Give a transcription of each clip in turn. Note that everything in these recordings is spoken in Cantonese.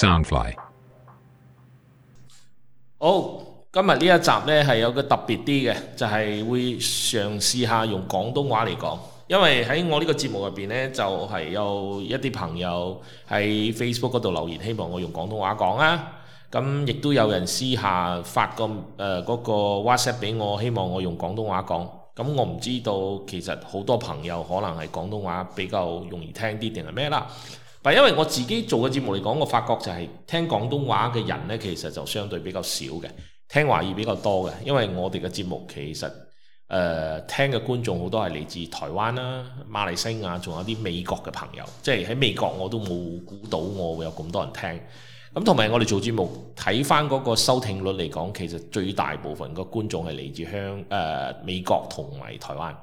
Soundfly。好，今日呢一集呢係有個特別啲嘅，就係會嘗試下用廣東話嚟講。因為喺我呢個節目入邊呢，就係有一啲朋友喺 Facebook 嗰度留言，希望我用廣東話講啊。咁亦都有人私下發個誒嗰個 WhatsApp 俾我，希望我用廣東話講。咁我唔知道，其實好多朋友可能係廣東話比較容易聽啲定係咩啦。但因為我自己做嘅節目嚟講，我發覺就係聽廣東話嘅人咧，其實就相對比較少嘅，聽華語比較多嘅。因為我哋嘅節目其實誒、呃、聽嘅觀眾好多係嚟自台灣啦、馬來西亞，仲有啲美國嘅朋友。即係喺美國我都冇估到我會有咁多人聽。咁同埋我哋做節目睇翻嗰個收聽率嚟講，其實最大部分嘅觀眾係嚟自香誒、呃、美國同埋台灣。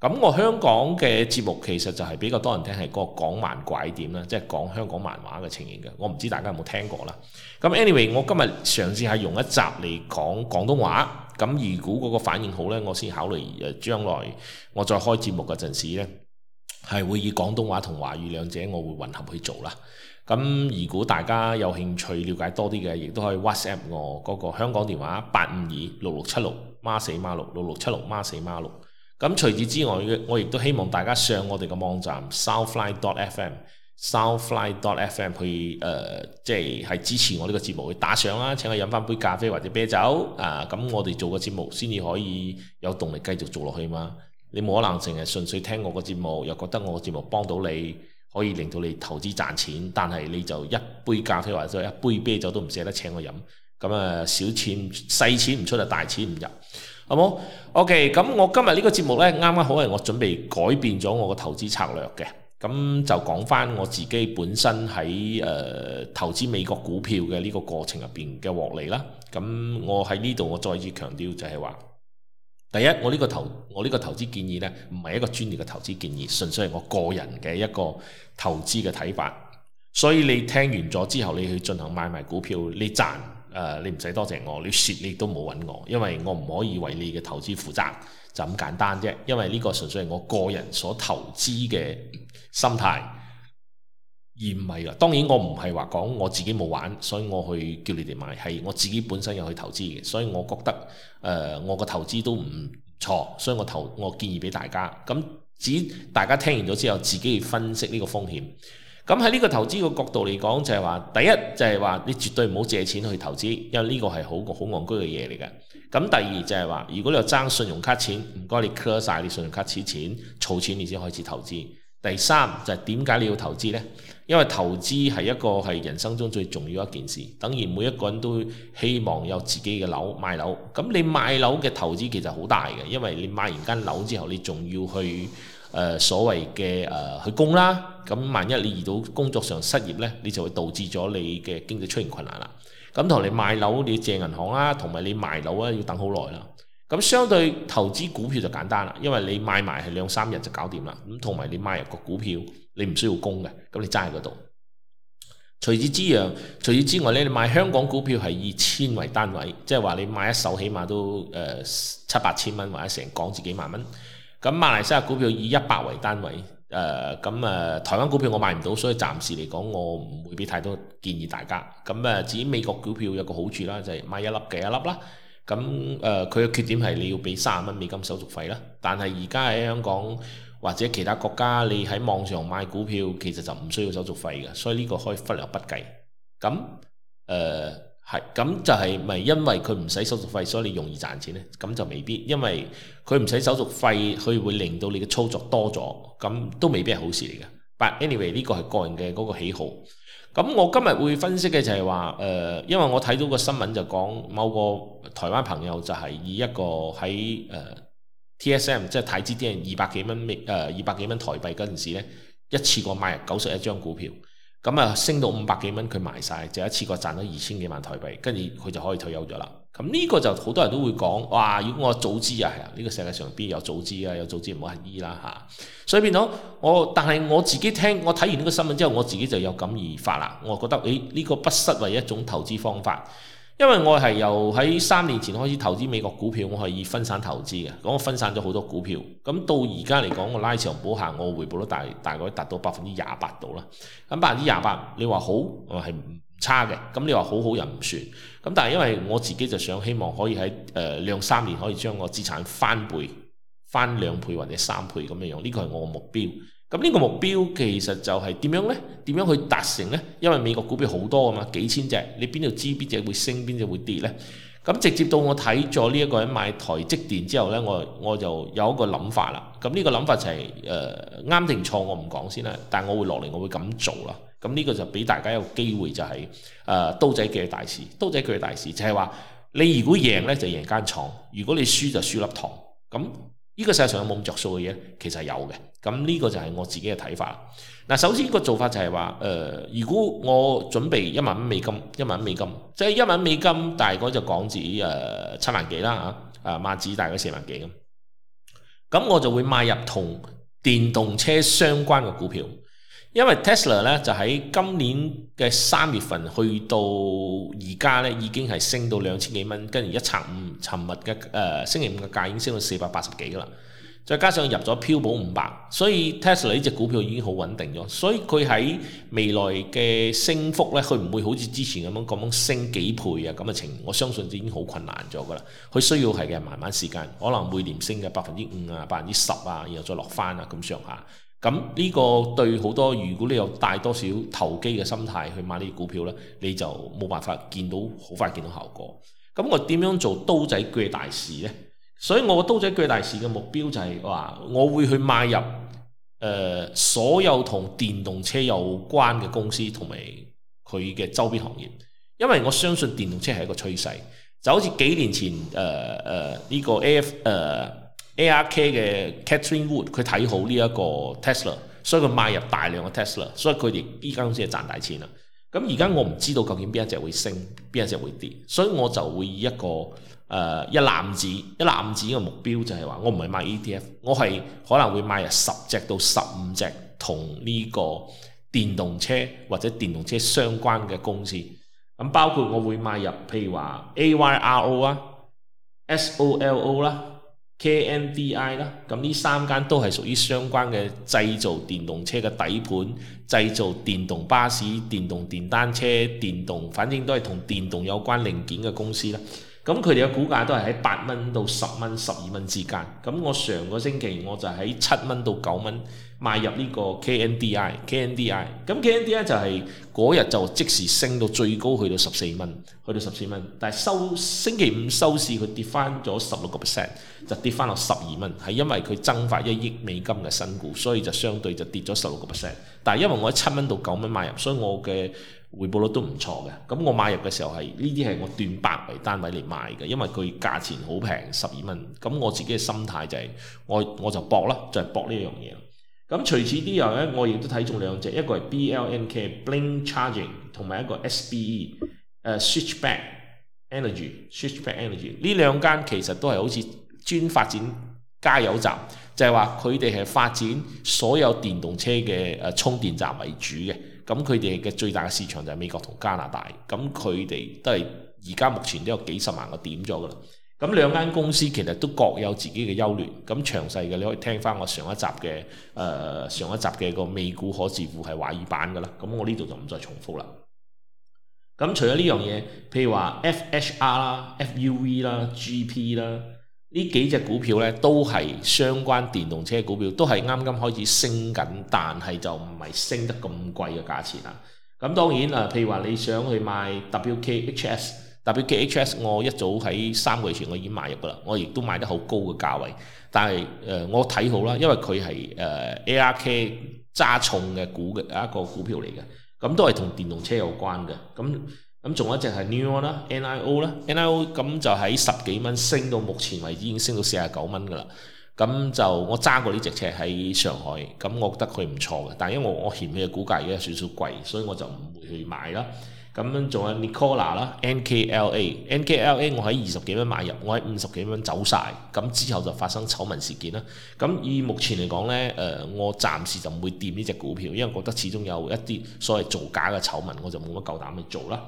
咁我香港嘅節目其實就係比較多人聽，係個講港漫拐點啦，即係講香港漫畫嘅情形嘅。我唔知大家有冇聽過啦。咁 anyway，我今日嘗試係用一集嚟講廣東話。咁如果嗰個反應好呢，我先考慮誒將來我再開節目嗰陣時呢，係會以廣東話同華語兩者我會混合去做啦。咁如果大家有興趣了解多啲嘅，亦都可以 WhatsApp 我嗰個香港電話八五二六六七六孖四孖六六六七六孖四孖六。咁除此之外我亦都希望大家上我哋嘅網站 soundfly.fm，soundfly.fm 去誒，即係係支持我呢個節目，去打賞啦，請我飲翻杯咖啡或者啤酒啊！咁、嗯、我哋做個節目先至可以有動力繼續做落去嘛？你冇可能淨係純粹聽我個節目，又覺得我個節目幫到你，可以令到你投資賺錢，但係你就一杯咖啡或者一杯啤酒都唔捨得請我飲，咁、嗯、啊小錢細錢唔出就大錢唔入。好冇？OK，咁我今日呢個節目呢，啱啱好係我準備改變咗我個投資策略嘅，咁就講翻我自己本身喺誒、呃、投資美國股票嘅呢個過程入邊嘅獲利啦。咁我喺呢度我再次強調就係話，第一我呢個投我呢個投資建議呢，唔係一個專業嘅投資建議，純粹係我個人嘅一個投資嘅睇法。所以你聽完咗之後，你去進行買賣股票，你賺。誒、呃，你唔使多謝我，你蝕你都冇揾我，因為我唔可以為你嘅投資負責，就咁簡單啫。因為呢個純粹係我個人所投資嘅心態，而唔係啊。當然我唔係話講我自己冇玩，所以我去叫你哋買，係我自己本身有去投資嘅，所以我覺得誒、呃、我個投資都唔錯，所以我投我建議俾大家。咁只大家聽完咗之後，自己去分析呢個風險。咁喺呢個投資嘅角度嚟講，就係話，第一就係、是、話你絕對唔好借錢去投資，因為呢個係好好戇居嘅嘢嚟嘅。咁第二就係、是、話，如果你爭信用卡錢，唔該你 close 晒啲信用卡錢，儲錢你先開始投資。第三就係點解你要投資呢？因為投資係一個係人生中最重要一件事。等於，每一個人都希望有自己嘅樓買樓。咁你買樓嘅投資其實好大嘅，因為你買完間樓之後，你仲要去。誒、呃、所謂嘅誒、呃、去供啦，咁萬一你遇到工作上失業呢，你就會導致咗你嘅經濟出現困難啦。咁同你買樓你要借銀行啦、啊，同埋你賣樓啊要等好耐啦。咁相對投資股票就簡單啦，因為你買埋係兩三日就搞掂啦。咁同埋你買入個股票，你唔需要供嘅，咁你揸喺嗰度。除此之外，除此之外咧，你買香港股票係以千為單位，即係話你買一手起碼都誒、呃、七八千蚊，或者成港紙幾萬蚊。咁馬來西亞股票以一百為單位，誒咁誒台灣股票我買唔到，所以暫時嚟講我唔會俾太多建議大家。咁誒至於美國股票有個好處啦，就係、是、買一粒幾一粒啦。咁誒佢嘅缺點係你要俾卅蚊美金手續費啦。但係而家喺香港或者其他國家，你喺網上買股票其實就唔需要手續費嘅，所以呢個可以忽略不計。咁誒。呃係，咁就係咪因為佢唔使手續費，所以你容易賺錢呢？咁就未必，因為佢唔使手續費，佢會令到你嘅操作多咗，咁都未必係好事嚟嘅。But anyway，呢個係個人嘅嗰個喜好。咁我今日會分析嘅就係話，誒、呃，因為我睇到個新聞就講某個台灣朋友就係以一個喺誒 TSM 即係台積電二百幾蚊咩誒二百幾蚊台幣嗰陣時呢，一次過買九十一張股票。咁啊，升到五百幾蚊，佢賣晒，就一次過賺咗二千幾萬台幣，跟住佢就可以退休咗啦。咁呢個就好多人都會講：哇！如果我早知啊，係啊，呢個世界上邊有早知啊，有早知唔好乞兒啦吓，所以變咗我，但係我自己聽，我睇完呢個新聞之後，我自己就有感而發啦。我覺得誒，呢個不失為一種投資方法。因為我係由喺三年前開始投資美國股票，我係以分散投資嘅，咁我分散咗好多股票，咁到而家嚟講，我拉長補下，我回報都大大概達到百分之廿八度啦。咁百分之廿八，你話好，我係唔差嘅。咁你話好好又唔算。咁但係因為我自己就想希望可以喺誒兩三年可以將個資產翻倍、翻兩倍或者三倍咁樣樣，呢個係我嘅目標。咁呢個目標其實就係點樣呢？點樣去達成呢？因為美國股票好多啊嘛，幾千隻，你邊度知邊隻會升，邊隻會跌呢？咁、嗯、直接到我睇咗呢一個人買台積電之後呢，我我就有一個諗法啦。咁、嗯、呢、這個諗法就係誒啱定錯，我唔講先啦。但係我會落嚟，我會咁做啦。咁、嗯、呢、這個就俾大家一個機會，就係、是、誒、呃、刀仔鋸大樹，刀仔鋸大樹，大樹就係、是、話你如果贏呢，就贏間廠，如果你輸就輸粒糖。咁呢、嗯、這個世界上有冇咁着數嘅嘢，其實有嘅。咁呢個就係我自己嘅睇法啦。嗱，首先、那個做法就係、是、話，誒、呃，如果我準備一萬蚊美金，一萬蚊美金，即、就、係、是、一萬美金，大概就港紙誒七萬幾啦嚇，啊，馬紙大概四萬幾咁。咁我就會買入同電動車相關嘅股票，因為 Tesla 咧就喺今年嘅三月份去到而家咧已經係升到兩千幾蚊，跟住一拆五尋日嘅誒、呃、星期五嘅價已經升到四百八十幾啦。再加上入咗標普五百，所以 Tesla 呢隻股票已經好穩定咗，所以佢喺未來嘅升幅咧，佢唔會好似之前咁樣咁樣升幾倍啊咁嘅情形，我相信已經好困難咗噶啦。佢需要係嘅慢慢時間，可能每年升嘅百分之五啊、百分之十啊，然後再落翻啊咁上下。咁呢個對好多如果你有帶多少投機嘅心態去買呢隻股票咧，你就冇辦法見到好快見到效果。咁我點樣做刀仔鋸大樹咧？所以我刀仔鋸大樹嘅目標就係、是、話，我會去買入誒、呃、所有同電動車有關嘅公司同埋佢嘅周邊行業，因為我相信電動車係一個趨勢，就好似幾年前誒誒呢個 A 誒、呃、ARK 嘅 Catherine Wood 佢睇好呢一個 Tesla，所以佢買入大量嘅 Tesla，所以佢哋呢間公司係賺大錢啦。咁而家我唔知道究竟邊一隻會升，邊一隻會跌，所以我就會以一個，誒、uh，一攬子一攬子嘅目標就係、是、話，我唔係買 ETF，我係可能會買入十隻到十五隻同呢個電動車或者電動車相關嘅公司，咁包括我會買入譬如話 AYRO 啦、SOLO 啦、KNDI 啦，咁呢三間都係屬於相關嘅製造電動車嘅底盤、製造電動巴士、電動電單車、電動，反正都係同電動有關零件嘅公司啦。咁佢哋嘅股價都係喺八蚊到十蚊、十二蚊之間。咁我上個星期我就喺七蚊到九蚊買入呢個 KNDI。KNDI 咁 KNDI 就係嗰日就即時升到最高去到十四蚊，去到十四蚊。但係收星期五收市佢跌翻咗十六個 percent，就跌翻落十二蚊。係因為佢增發一億美金嘅新股，所以就相對就跌咗十六個 percent。但係因為我喺七蚊到九蚊買入，所以我嘅回報率都唔錯嘅，咁我買入嘅時候係呢啲係我斷百為單位嚟買嘅，因為佢價錢好平，十二蚊。咁我自己嘅心態就係、是、我我就搏啦，就係搏呢樣嘢。咁除此之外咧，我亦都睇中兩隻，一個係 BLNK Blink Charging 同埋一個 SBE 誒、呃、Switchback Energy Switchback Energy 呢兩間其實都係好似專發展加油站，就係話佢哋係發展所有電動車嘅誒充電站為主嘅。咁佢哋嘅最大嘅市場就係美國同加拿大，咁佢哋都係而家目前都有幾十萬個點咗噶啦。咁兩間公司其實都各有自己嘅優劣，咁詳細嘅你可以聽翻我上一集嘅誒、呃、上一集嘅個美股可致富係華語版噶啦，咁我呢度就唔再重複啦。咁除咗呢樣嘢，譬如話 FHR 啦、FUV 啦、GP 啦。呢幾隻股票咧都係相關電動車股票，都係啱啱開始升緊，但係就唔係升得咁貴嘅價錢啦。咁當然啊，譬如話你想去買 WKHS，WKHS 我一早喺三個月前我已經買入噶啦，我亦都買得好高嘅價位，但係誒、呃、我睇好啦，因為佢係誒 ARK 揸重嘅股嘅一個股票嚟嘅，咁都係同電動車有關嘅，咁。咁仲有一隻係 New One 啦，NIO 啦，NIO 咁就喺十幾蚊升到，目前為止已經升到四十九蚊噶啦。咁就我揸過呢隻車喺上海，咁我覺得佢唔錯嘅，但因為我嫌佢嘅估價而家有少少貴，所以我就唔會去買啦。咁仲有 Nikola 啦，N K L A，N K L A 我喺二十幾蚊買入，我喺五十幾蚊走晒。咁之後就發生醜聞事件啦。咁以目前嚟講呢，誒、呃、我暫時就唔會掂呢隻股票，因為覺得始終有一啲所謂造假嘅醜聞，我就冇乜夠膽去做啦。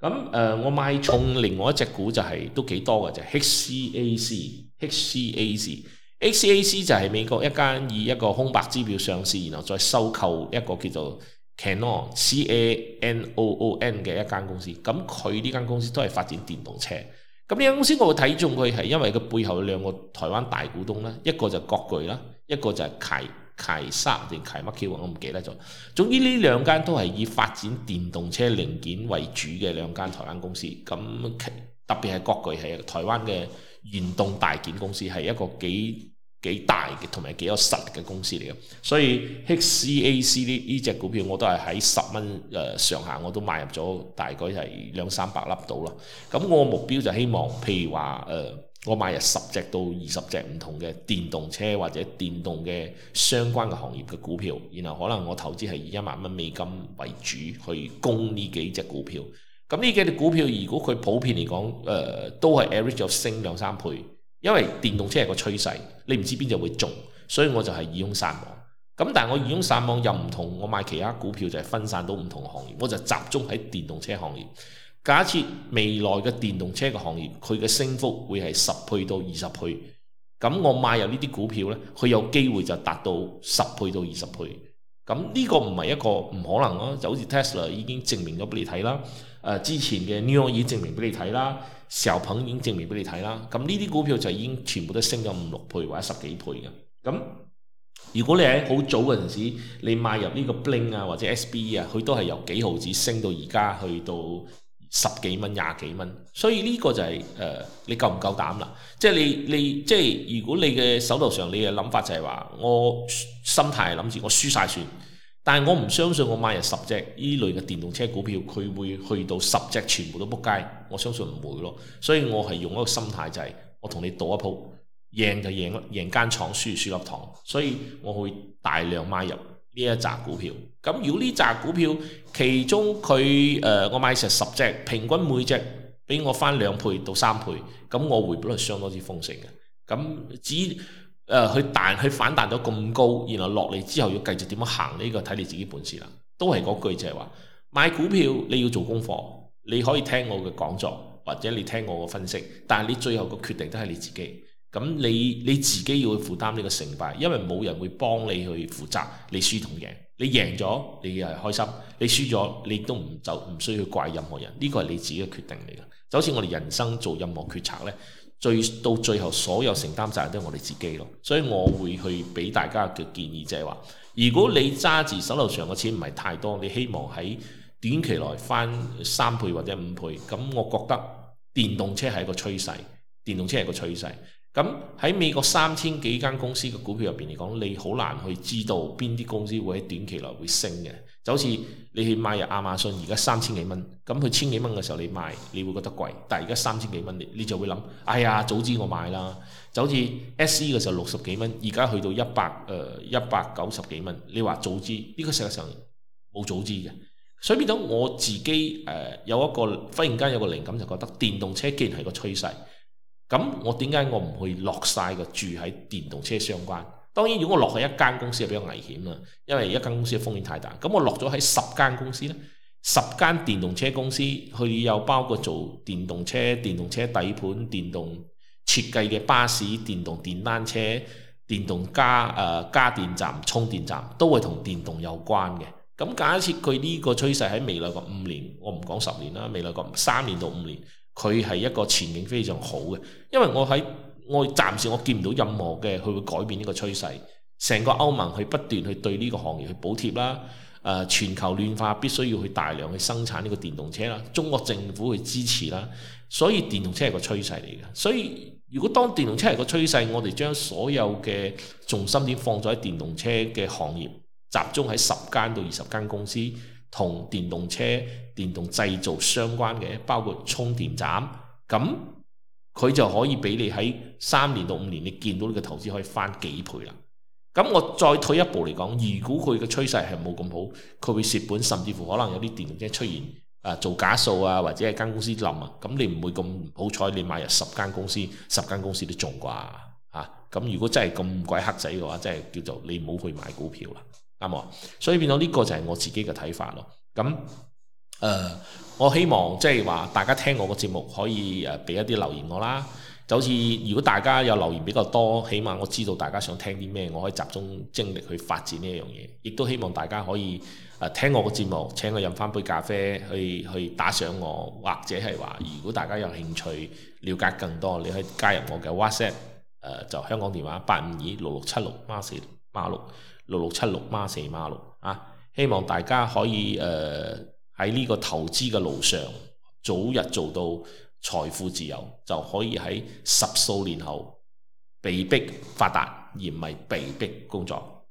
咁誒、呃、我買重另外一隻股就係、是、都幾多嘅就 H C A C，H C,、H、C A C，H C,、H、C A C 就係美國一間以一個空白支票上市，然後再收購一個叫做 Canon, c a n o, o n c a n o n 嘅一間公司，咁佢呢間公司都係發展電動車，咁呢間公司我會睇中佢係因為佢背後有兩個台灣大股東啦，一個就係國巨啦，一個就係鈦鈦沙定鈦乜 Q，我唔記得咗。總之呢兩間都係以發展電動車零件為主嘅兩間台灣公司，咁特別係國巨係台灣嘅原動大件公司，係一個幾。幾大嘅，同埋幾有實力嘅公司嚟嘅，所以 HCAC 呢呢隻股票我都係喺十蚊誒上下，我都買入咗大概係兩三百粒到啦。咁我目標就希望，譬如話誒、呃，我買入十隻到二十隻唔同嘅電動車或者電動嘅相關嘅行業嘅股票，然後可能我投資係以一萬蚊美金為主去供呢幾隻股票。咁呢幾隻股票，如果佢普遍嚟講誒，都係 average 升兩三倍。因為電動車係個趨勢，你唔知邊隻會中，所以我就係漁翁撒網。咁但係我漁翁撒網又唔同，我買其他股票就係分散到唔同行業，我就集中喺電動車行業。假設未來嘅電動車嘅行業佢嘅升幅會係十倍到二十倍，咁我買入呢啲股票呢，佢有機會就達到十倍到二十倍。咁呢個唔係一個唔可能咯，就好似 Tesla 已經證明咗俾你睇啦、呃，之前嘅 Nio 已經證明俾你睇啦。時候憑已經證明俾你睇啦，咁呢啲股票就已經全部都升咗五六倍或者十幾倍嘅。咁如果你喺好早嗰陣時，你買入呢個 bling 啊或者 SB 啊，佢都係由幾毫子升到而家去到十幾蚊、廿幾蚊。所以呢個就係、是、誒、呃，你夠唔夠膽啦？即係你你即係如果你嘅手頭上你嘅諗法就係、是、話，我心態諗住我輸晒算。但係我唔相信我買入十隻呢類嘅電動車股票，佢會去到十隻全部都仆街，我相信唔會咯。所以我係用一個心態就係、是，我同你賭一鋪，贏就贏咯，贏間廠輸，輸粒糖。所以我會大量買入呢一扎股票。咁如果呢扎股票其中佢誒、呃、我買成十隻，平均每隻俾我翻兩倍到三倍，咁我回本都係相當之豐盛嘅。咁只誒，佢彈，佢反彈咗咁高，然後落嚟之後要繼續點樣行，呢個睇你自己本事啦。都係嗰句就係話買股票你要做功課，你可以聽我嘅講座或者你聽我嘅分析，但係你最後個決定都係你自己。咁你你自己要去負擔呢個成敗，因為冇人會幫你去負責你輸同贏。你贏咗你係開心，你輸咗你都唔就唔需要去怪任何人。呢個係你自己嘅決定嚟㗎，就好似我哋人生做任何決策呢。」最到最後，所有承擔責任都係我哋自己咯，所以我會去俾大家嘅建議，就係話，如果你揸住手頭上嘅錢唔係太多，你希望喺短期內翻三倍或者五倍，咁我覺得電動車係一個趨勢，電動車係個趨勢。咁喺美國三千幾間公司嘅股票入邊嚟講，你好難去知道邊啲公司會喺短期內會升嘅。就好似你去買入亞馬遜，而家三千幾蚊，咁佢千幾蚊嘅時候你賣，你會覺得貴。但係而家三千幾蚊，你你就會諗，哎呀，早知我買啦。就好似 SE 嘅時候六十幾蚊，而家去到一百，誒一百九十幾蚊。你話早知，呢、這個世界上冇早知嘅，所以變到我自己誒、呃、有一個忽然間有個靈感，就覺得電動車既然係個趨勢。咁我點解我唔去落晒個注喺電動車相關？當然，如果我落去一間公司係比較危險啦，因為一間公司嘅風險太大。咁我落咗喺十間公司呢，十間電動車公司，佢又包括做電動車、電動車底盤、電動設計嘅巴士、電動電單車、電動加誒加電站、充電站，都會同電動有關嘅。咁假設佢呢個趨勢喺未來個五年，我唔講十年啦，未來個三年到五年，佢係一個前景非常好嘅，因為我喺。我暫時我見唔到任何嘅去會改變呢個趨勢，成個歐盟去不斷去對呢個行業去補貼啦，誒、呃、全球暖化必須要去大量去生產呢個電動車啦，中國政府去支持啦，所以電動車係個趨勢嚟嘅。所以如果當電動車係個趨勢，我哋將所有嘅重心點放咗喺電動車嘅行業，集中喺十間到二十間公司同電動車、電動製造相關嘅，包括充電站咁。佢就可以俾你喺三年到五年，你見到呢個投資可以翻幾倍啦。咁我再退一步嚟講，如果佢嘅趨勢係冇咁好，佢會蝕本，甚至乎可能有啲電動車出現啊做假數啊，或者係間公司冧啊。咁你唔會咁好彩，你買入十間公司，十間公司都中啩嚇。咁、啊、如果真係咁鬼黑仔嘅話，真係叫做你唔好去買股票啦，啱喎。所以變到呢個就係我自己嘅睇法咯。咁。誒，uh, 我希望即係話大家聽我個節目可以誒俾、呃、一啲留言我啦。就好似如果大家有留言比較多，起碼我知道大家想聽啲咩，我可以集中精力去發展呢一樣嘢。亦都希望大家可以誒、呃、聽我個節目，請我飲翻杯咖啡，去去打賞我，或者係話如果大家有興趣了解更多，你可以加入我嘅 WhatsApp，誒、呃、就香港電話八五二六六七六孖四孖六六六七六孖四孖六啊！希望大家可以誒。呃喺呢個投資嘅路上，早日做到財富自由，就可以喺十數年後被逼發達，而唔係被逼工作。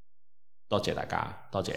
多謝大家，多謝。